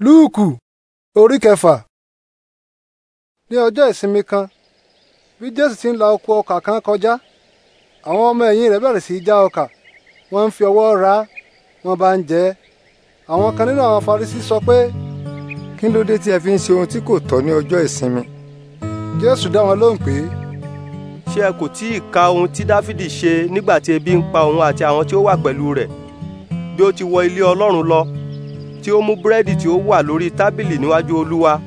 Lúùkù orí kẹfà. Ní ọjọ́ ìsinmi kan, bí Jésù ti ń la oko ọkà kan kọjá, àwọn ọmọ ẹ̀yìn rẹ̀ bẹ̀rẹ̀ sí í já ọkà, wọ́n ń fi ọwọ́ ra á, wọ́n bá ń jẹ ẹ́. Àwọn kan nínú àwọn Farisí sọ pé. Kí ló dé tí ẹ fi ń ṣe ohun tí kò tọ́ ní ọjọ́ ìsinmi? Jésù dá wọn lóhùn pé. Ṣé ẹ kò tí ì ka ohun tí Dáfídì ṣe nígbà tí ebi ń pa òun àti àwọn tí ó wà pẹ̀lú rẹ̀? Bí ó ti wọ ilé Ọlọ́run lọ tí ó mú búrẹ́dì tí ó wà lórí tábìlì níwájú olúwa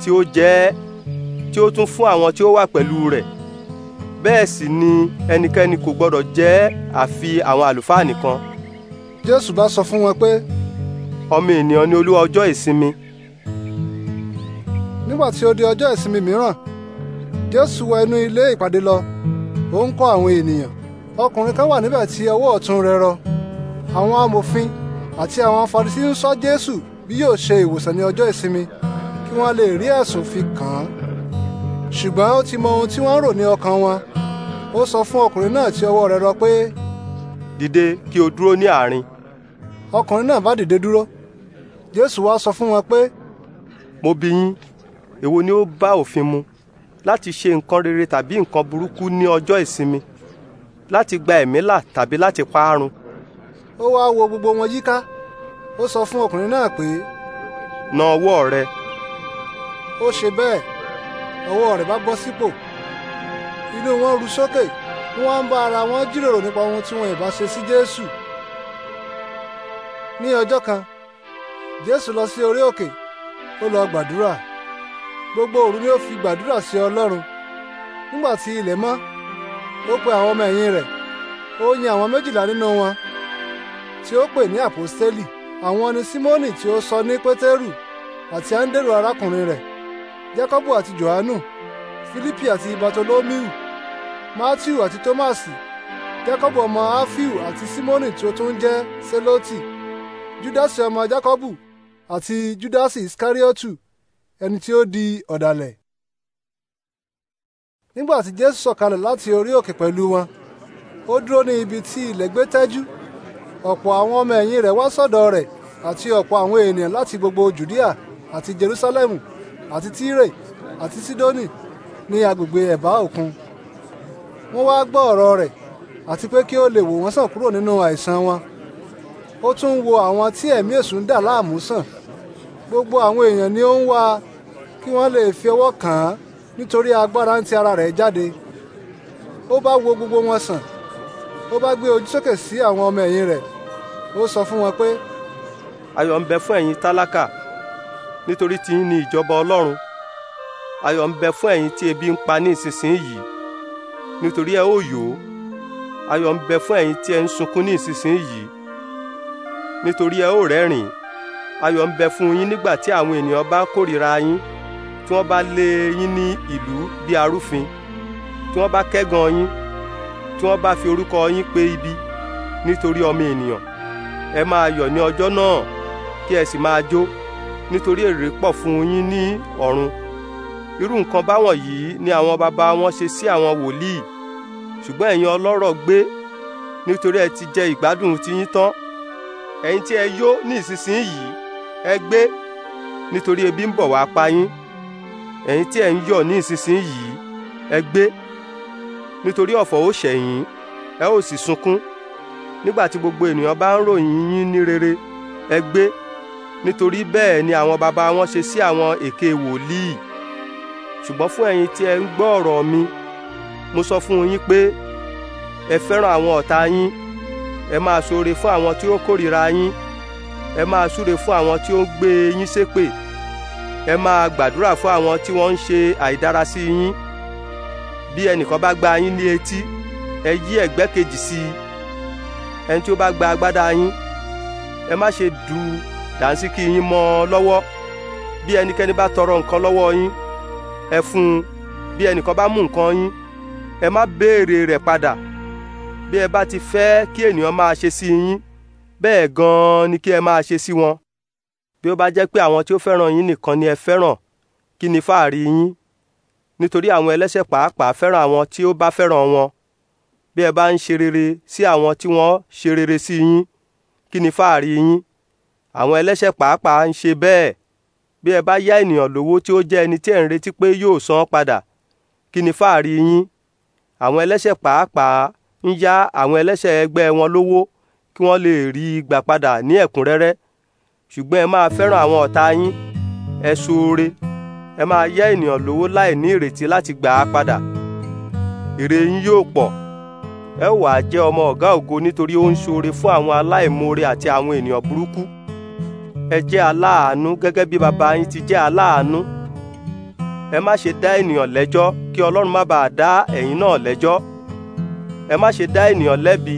tí ó jẹ ẹ́ tí ó tún fún àwọn tí ó wà pẹ̀lú rẹ̀ bẹ́ẹ̀ sì ni ẹnikẹ́ni kò gbọ́dọ̀ jẹ àfi àwọn àlùfáà nìkan. jésù bá sọ fún wọn pé. ọmọ ènìyàn ni olúwa ọjọ́ ìsinmi. nígbà tí ó di ọjọ́ ìsinmi mìíràn jésù wọ inú ilé ìpàdé lọ ó ń kọ́ àwọn ènìyàn ọkùnrin kan wà níbẹ̀ tí ọwọ́ ọ̀tún rẹ̀ rọ àwọn amòfin àti àwọn Farisí ń sọ Jésù bí yóò ṣe ìwòsàn ní ọjọ́ ìsinmi kí wọ́n lè rí ẹ̀sùn fi kàn án ṣùgbọ́n ó ti mọ ohun tí wọ́n ń rò ní ọkàn wọn ó sọ fún ọkùnrin náà tí ọwọ́ rẹ̀ rọ pé. dìde kí o dúró ní àárín. ọkùnrin náà bá dìde dúró Jésù wá sọ fún wọn pé. mo bi yín èwo ni ó bá òfin mu láti ṣe nǹkan rere tàbí nǹkan burúkú ní ọjọ́ ìsinmi láti gba ẹ̀mí là tàbí láti pa á ó wá wo gbogbo wọn yíká ó sọ fún ọkùnrin náà pé. na ọwọ́ rẹ. ó ṣe bẹ́ẹ̀ ọwọ́ rẹ̀ bá bọ́ sípò inú wọn ru sókè wọn ń bá ara wọn jíròrò nípa ohun tí wọn ìbá ṣe sí Jésù. ní ọjọ́ kan Jésù lọ sí orí òkè ó lọ gbàdúrà gbogbo òru ni ó fi gbàdúrà sí Ọlọ́run nígbà tí ilẹ̀ mọ́ ó pe àwọn ọmọ ẹ̀yìn rẹ̀ ó yan àwọn méjìlá nínú wọn tí ó pè ní àpòstélì àwọn ni simoni tí ó sọ ní pétérù àti Andrew arákùnrin rẹ̀ jacobo àti johanu filipi àti bartolomiu matthew àti tomasi jacobo ọmọ alfiu àti simoni tí ó tún jẹ́ seloti judasi ọmọ jacobu àti judasi iskariotu ẹni tí ó di ọ̀dàlẹ̀ nígbà tí jésù sọ̀kalẹ̀ láti orí òkè pẹ̀lú wọn ó dúró ní ibi tí ilẹ̀ gbé tẹ́jú ọ̀pọ̀ àwọn ọmọ ẹ̀yìn rẹ̀ wá sọ́dọ̀ rẹ̀ àti ọ̀pọ̀ àwọn ènìyàn láti gbogbo jùdíà àti jerusalemu àti tire àti sidoni ní agbègbè ẹ̀bá òkun wọ́n wá gbọ́ ọ̀rọ̀ rẹ̀ àti pé kí ó lè wò wọ́n sàn kúrò nínú àìsàn wọn ó tún wo àwọn tí ẹ̀mí èṣù ń dà láàmú sàn gbogbo àwọn èèyàn ni ó ń wá kí wọ́n lè fi ọwọ́ kàn án nítorí agbára ń ti ara rẹ̀ jáde ó bá wo gbogbo wọn sàn ó bá gbé ojú sókè sí àwọn ọmọ ẹ̀yìn rẹ̀ ó sọ fún wọn pé. ayọ̀ ń bẹ fún ẹ̀yin tálákà nítorí tiyín ni ìjọba ọlọ́run ayọ̀ ń bẹ fún ẹ̀yin tí ebi ń pa ní ìsinsìnyí nítorí ẹ ó yó ayọ̀ ń bẹ fún ẹ̀yin tí ẹ ń sunkún ní ìsinsìnyí nítorí ẹ ó rẹ́rìn ayọ̀ ń bẹ fún yín nígbà tí àwọn ènìyàn bá kórìíra yín tí wọ́n bá lé yín ní ìlú bí arúfin tí wọ́n bá kẹ́gàn yín tí wọ́n bá fi orúkọ yín pé ibi nítorí ọmọ ènìyàn ẹ máa yọ̀ ní ọjọ́ náà kí ẹ sì máa jó nítorí èrè pọ̀ fún yín ní ọ̀run irú nǹkan báwọn yìí ni àwọn baba wọn ṣe sí àwọn wòlíì ṣùgbọ́n ẹ̀yin ọlọ́rọ̀ gbé nítorí ẹ ti jẹ ìgbádùn tiyín tán ẹ̀yin tí ẹ yó ní ìsinsìnyí ẹ gbé nítorí ebi ń bọ̀ wá pa yín ẹ̀yin tí ẹ ń yọ̀ ní ìsinsìnyí ẹ gbé nítorí ọ̀fọ̀ ó ṣẹ̀yìn ẹ ó sì sunkún nígbà tí gbogbo ènìyàn bá ń ròyìn yín ní rere ẹ gbé nítorí bẹ́ẹ̀ ni àwọn baba wọn ṣe sí àwọn èké wòlíì ṣùgbọ́n fún ẹ̀yin tí ẹ ń gbọ́ ọ̀rọ̀ mi mo sọ fún yín pé ẹ fẹ́ràn àwọn ọ̀tá yín ẹ máa ṣoore fún àwọn tí ó kórìíra yín ẹ máa súre fún àwọn tí ó ń gbé yín ṣépè ẹ máa gbàdúrà fún àwọn tí wọ́n ń ṣe àìdára sí yín bí ẹnìkan bá gba yín ní etí ẹ yí ẹ̀gbẹ́ kejì sí i ẹni tí ó bá gba agbádá yín ẹ má ṣe dù dànsíkí yín mọ́ ọ lọ́wọ́ bí ẹnikẹ́ni bá tọrọ nǹkan lọ́wọ́ yín ẹ fún un bí ẹnìkan bá mú nǹkan yín ẹ má béèrè rẹ̀ padà bí ẹ bá ti fẹ́ kí ènìyàn máa ṣe sí yín bẹ́ẹ̀ gan-an ni kí ẹ máa ṣe sí wọn bí ó bá jẹ́ pé àwọn tí ó fẹ́ràn yín nìkan ni ẹ fẹ́ràn kí ni fáàrí yín nítorí àwọn ẹlẹ́ṣẹ̀ pàápàá fẹ́ràn àwọn tí ó bá fẹ́ràn wọn bí ẹ bá ń ṣe rere sí àwọn tí wọ́n ṣe rere sí yín kí ni fáàrí yín àwọn ẹlẹ́ṣẹ̀ pàápàá ń ṣe bẹ́ẹ̀ bí ẹ bá yá ènìyàn lówó tí ó jẹ́ ẹni tí ẹ̀ ń retí pé yóò san padà kí ni fáàrí yín àwọn ẹlẹ́ṣẹ̀ pàápàá ń yá àwọn ẹlẹ́ṣẹ̀ ẹgbẹ́ wọn lówó kí wọ́n lè rí i gbà padà ní ẹ̀kúnrẹ́rẹ́ ṣùgbọ́n ẹ máa fẹ́ràn àwọn ọ̀tá yín ẹ ṣoore ẹ máa yá ènìyàn lówó láì ní ìrètí láti gbà á padà èrè yín yóò pọ̀ ẹ wà á jẹ́ ọmọ ọ̀gá ògo nítorí ó ń ṣoore fún àwọn aláìmoore àti àwọn ènìyàn burúkú ẹ jẹ́ aláàánú gẹ́gẹ́ bí baba yín ti jẹ́ aláàánú ẹ má ṣe dá ènìyàn lẹ́jọ́ kí ọlọ́run má bàa dá ẹ̀yin náà lẹ́jọ́ ẹ má ṣe dá ènìyàn lẹ́bi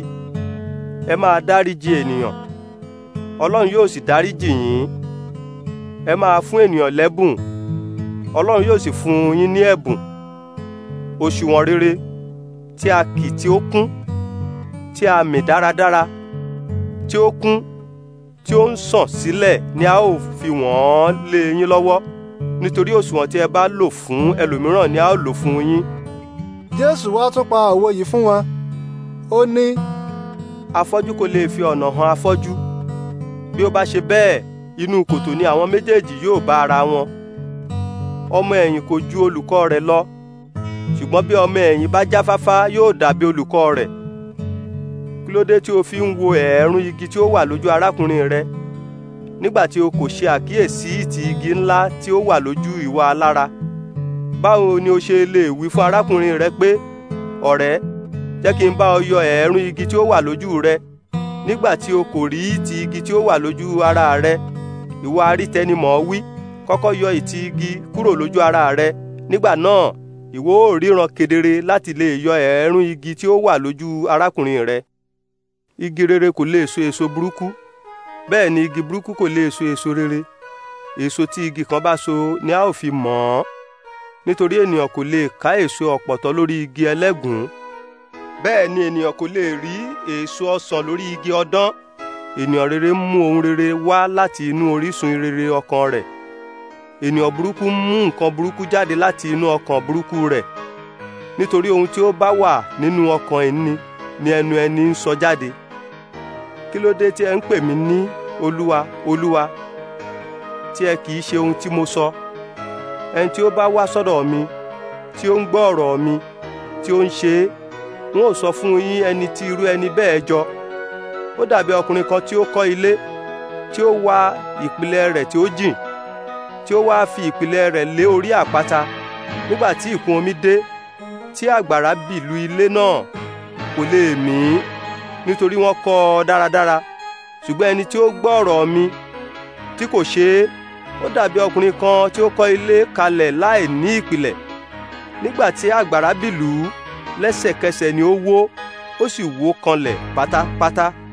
ẹ máa dáríjì ènìyàn ọlọ́run yóò sì dáríjì yín ẹ máa fún ènìyàn lẹ́bùn ọlọ́run yóò sì fún yín ní ẹ̀bùn òṣùwọ̀n rere tí a kì tí ó kún tí a mì dáradára tí ó kún tí ó ń sàn sílẹ̀ ni a ó fi wọ́n lé yín lọ́wọ́ nítorí òṣùwọ̀n tí ẹ bá lò fún ẹlòmíràn ni a ó lò fún yín. jésù wá tún pa òwe yìí fún wọn ó ní. afọ́jú kò lè fi ọ̀nà hàn afọ́jú bí ó bá ṣe bẹ́ẹ̀ inú kòtò ni àwọn méjèèjì yóò bá ara wọn ọmọ ẹ̀yìn kò ju olùkọ́ rẹ̀ lọ ṣùgbọ́n bí ọmọ ẹ̀yìn bá jáfáfá yóò dàbí olùkọ́ rẹ̀ kí ló dé tí o fi ń wo ẹ̀ẹ̀rún igi tí ó wà lójú arákùnrin rẹ nígbà tí o kò ṣe àkíyèsí ti igi ńlá tí ó wà lójú ìwà alára báwo ni o ṣe lè wí fún arákùnrin rẹ pé ọ̀rẹ́ jẹ́ kí n bá ọ yọ ẹ̀ẹ̀rún igi tí ó wà lójú rẹ nígbà tí o kò rí ti igi tí ó wà lójú ara rẹ ìwà arítẹnimọ̀ wí kọ́kọ́ yọ ìtì igi kúrò lójú ara rẹ nígbà náà ìwọ ó ríran kedere láti lè yọ ẹ̀ẹ́rún igi tí ó wà lójú arákùnrin rẹ igi rere kò lè so èso burúkú bẹ́ẹ̀ ni igi burúkú kò lè so èso rere èso tí igi kan bá so ni a ó fi mọ̀ ọ́ nítorí ènìyàn kò lè ká èso ọ̀pọ̀tọ́ lórí igi ẹlẹ́gùn bẹ́ẹ̀ ni ènìyàn kò lè rí èso ọsàn lórí igi ọ̀dán ènìyàn rere mú ohun rere wá láti inú orísun rere ọkàn rẹ̀ ènìyàn burúkú ń mú nǹkan burúkú jáde láti inú ọkàn burúkú rẹ̀ nítorí ohun tí ó bá wà nínú ọkàn ẹni ni ẹnu ẹni ń sọ jáde kí ló dé tí ẹ ń pè mí ní olúwa olúwa tí ẹ kì í ṣe ohun tí mo sọ ẹni tí ó bá wá sọ́dọ̀ mi tí ó ń gbọ́ ọ̀rọ̀ mi tí ó ń ṣe é wọn ò sọ fún yín ẹni tí irú ẹni bẹ́ẹ̀ jọ ó dàbí ọkùnrin kan tí ó kọ́ ilé tí ó wá ìpìlẹ̀ rẹ̀ tí ó jìn tí ó wáá fi ìpìlẹ̀ rẹ̀ lé orí àpáta nígbà tí ìkún omi dé tí àgbàrá bì lu ilé náà kò lè mì í nítorí wọ́n kọ́ ọ dáradára ṣùgbọ́n ẹni tí ó gbọ́ ọ̀rọ̀ mi tí kò ṣe é ó dàbí ọkùnrin kan tí ó kọ́ ilé kalẹ̀ láì ní ìpìlẹ̀ nígbà tí àgbàrá bì lù ú lẹ́sẹ̀kẹsẹ̀ ni ó wó ó sì wó kanlẹ̀ pátápátá.